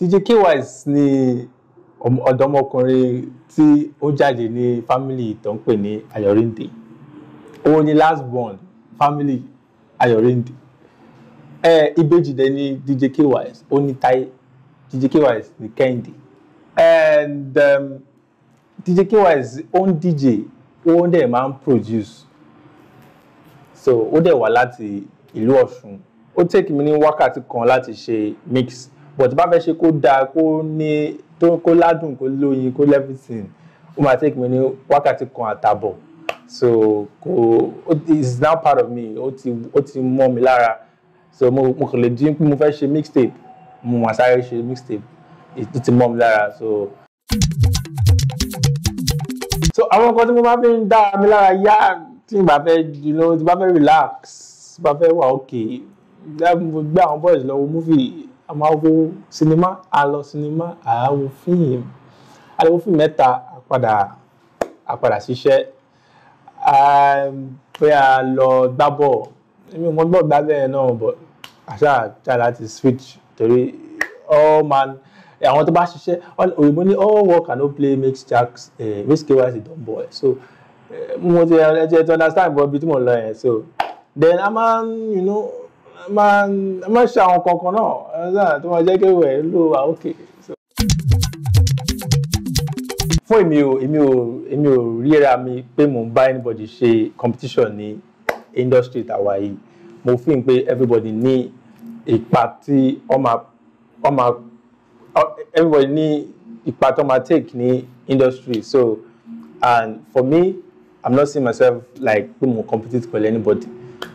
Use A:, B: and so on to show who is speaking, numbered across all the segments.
A: DJ Kaywise ni ọ̀dọ́mọkùnrin tí ó jáde ní fámìlì tó ń pè ní Ayọ̀rìndé òun ni last born family Ayọ̀rìndé ẹ ìbejì dẹ̀ ni DJ Kaywise ó ní tai DJ Kaywise ní Kẹ́hìndé and um, DJ Kaywise ó ń DJ ó ń dẹ̀ máa ń produce so ó dẹ̀ wá láti ìlú Ọ̀ṣun ó take mi ní wákàtí kan láti ṣe mix but bá fẹ́ ṣe kó dáa kó ní tó kó ládùn kó lóyin kó everything ó máa take mi ní wákàtí kan àtàbọ̀ so kò it's now part of me ó ti ó ti mọ́ mi lára so mo mo kàn lè dín pé mo fẹ́ ṣe mixtape mo mà sáré ṣe mixtape ó ti mọ́ mi lára so. so àwọn nǹkan tí mo máa fi ń dá mi lára yá tí n bá fẹ́ jùlọ tí n bá fẹ́ relax tí n bá fẹ́ wà òkè gbé àwọn boys lọ wo múfì a máa wo sinimá a lọ sinimá a wo fíìmù a lè wo fíìmù mẹ́ta a padà a padà ṣiṣẹ́ ehm, pé a lọ gbá bọ̀ èmi ò mọ bọ́ọ̀ gbá bẹ́ẹ̀ náà bọ̀ àṣà àṣà láti switch torí all man àwọn tó bá ṣiṣẹ́ òyìnbó ní all work and no play makes Jack uh, eh, waste KYC don boy so. Eh, mo ti ẹjẹ ti understand bọ ibi tí mo lọ yẹn so then a máa ń you know a máa ń a máa ń ṣe àwọn kankan náà tó máa jẹ́ kí ewé ló wà òkè. fún èmi ò èmi ò èmi ò ríra mi pé mò ń bá anybody ṣe competition ní industry tàwa yìí mo fi hàn pé everybody ní ipa tí wọ́n máa everybody ní ipa tó máa take ní industry so and for me I'm not seeing myself like pé mo compete anybody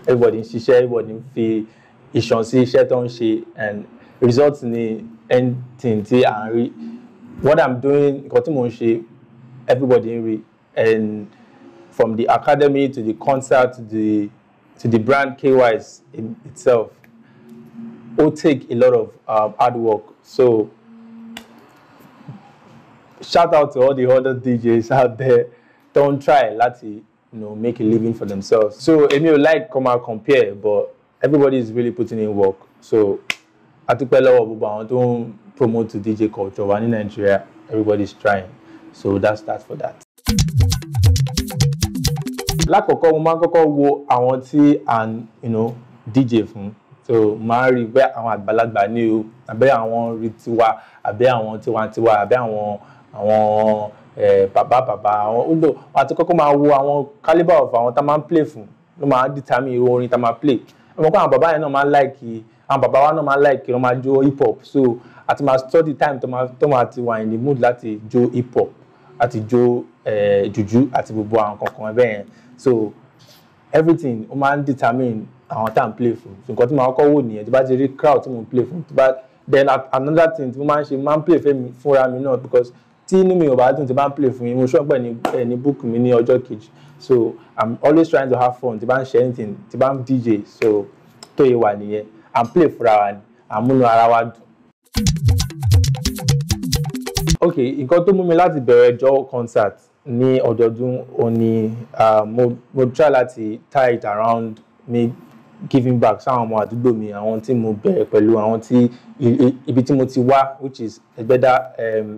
A: everybody in share, everybody ń fi ìṣàn sí share, don't ṣe and results in anything tí à ń rí what I'm doing nǹkan tí mò everybody in and from the academy to the concert to the to the brand KYS in itself will take a lot of um, hard work so shout out to all the other DJs out there. tó try láti you know, make a living for themselves. So èmi ò like come out compare but everybody is really putting in work. So àtúpẹ́ lọ́wọ́ gbogbo àwọn tó ń promote DJ culture wa ní Nigeria everybody is trying. So that's that for that. Lákọ̀ọ́kọ́ mo máa ń kọ́kọ́ wo àwọn tí à ń you know, DJ fún so máa ń rí bẹ́ẹ̀ àwọn àgbàlagbà ní o àbẹ́ àwọn rí tiwa àbẹ́ àwọn tiwantiwa àbẹ́ àwọn àwọn bàbá bàbá àwọn ó lò wọn àti kọ́kọ́ máa wo àwọn calibre of àwọn tá máa ń play fún ló máa determine irú orin tá máa play ọmọ kó àwọn bàbá yẹn náà máa ń like àwọn bàbá wa náà máa ń like wọn máa jó hip hop so àti máa study time tó máa tó máa ti wà ní mood láti jó hip hop àti jó jùjú àti gbogbo àwọn kankan bẹ́ẹ̀ yẹn so everything ó máa ń determine àwọn tá à ń play fún nǹkan tí màá kọ́ wò nìyẹn tí bá ti rí crowd tí mo ń play fún then another thing tí mo máa ń ṣe máa ń play fúnra mi náà because tí inú mi ò bá dùn tí bá ń play fún yín mo ṣọ́ọ̀pẹ̀ ní ní book mi ní ọjọ́ kejì so i'm always trying to have fun tí bá ń ṣe anything tí bá ń dj so tó yẹ wà nìyẹn i'm play for wa ni àmúnú ara wa dùn. ok nǹkan tó mú mi láti bẹ̀rẹ̀ jọ́ concert ní ọdọọdún òní mo mo try láti tie it around me giving back sáwọn ọmọ àdúgbò mi àwọn tí mo bẹ̀rẹ̀ pẹ̀lú àwọn tí ibi tí mo ti wá which is Ẹgbẹ́dá um,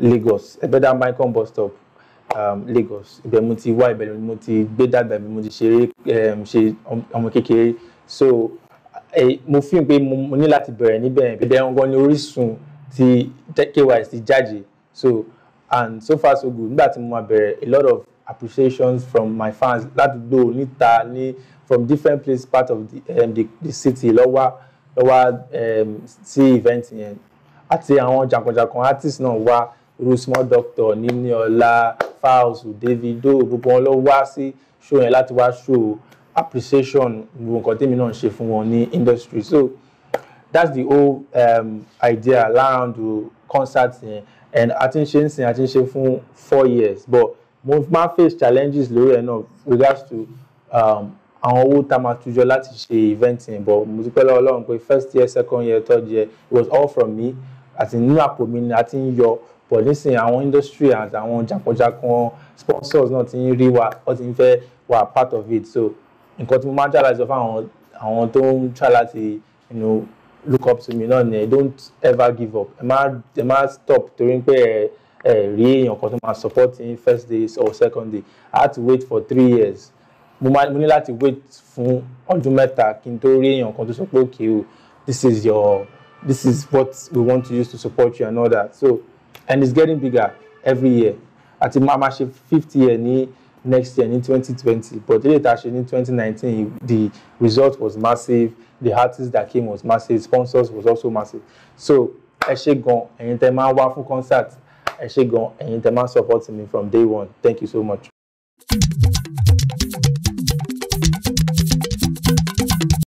A: Lagos Ebedan-Bankun bus stop um, Lagos ibẹ̀ mo ti wá ibẹ̀ mo ti gbé dàgbà ibẹ̀ mo ti ṣeré um, ṣe ọmọ kékeré so eh, mo fi hàn pé mo ní láti bẹ̀rẹ̀ níbẹ̀ ibẹ̀ gangan ni orísun ti KYC jáde so and so far so good nígbà tí mo máa bẹ̀rẹ̀ a lot of appreciations from my fans ládùúgbò níta ní from different places part of the, um, the, the city lọ́wọ́ lọ́wọ́ um, sí event yẹn àti àwọn jàǹkànjàǹkàn artists náà wá irú doctor níní ọlá davido gbogbo wọn lọ wá sí show yẹn láti wá show appreciation gbogbo nǹkan tèmi náà ń ṣe fún wọn ní industry so that's the whole um, idea around the concert yẹn and a ti ń ṣe ń sìn a ti ń ṣe fún four years but mo máa face challenges lórí ẹ̀ náà regards to um, àwọn owó tá a máa tujọ láti ṣe event yẹn but mo ti pẹ́ lọ́wọ́ Ọlọ́run pé first year second year third year it was all from me àti nínú àpò mi ni a ti ń yọ pọ̀ nísìnyí àwọn industry àti àwọn jàǹkànjàǹkàn sponsors náà ti ń rí wa wọ́n ti ń fẹ́ wà part of it so nǹkan tí mo máa ń try láti sọ fún àwọn tó ń try láti you know, look up to me náà ni don't ever give up ẹ má ẹ má stop torí pé ẹ ẹ rí èèyàn kan tó máa support in first day or second day I had to wait for three years mo máa mo ní láti wait fún ọdún mẹ́ta kí n tó rí èèyàn kan tó sọ pé okay o this is your this is what we want to use to support you and all that so and it's getting bigger every year At the Mama, ṣe fifty year ní next year in twenty twenty but ilé ìta ṣe ní twenty nineteen the result was massive the artists that came was massive sponsors was also massive so ẹ ṣé gan ẹ̀yin tẹ́ máa wá fún concert ẹ ṣé gan ẹ̀yin support me from day one thank you so much. thank you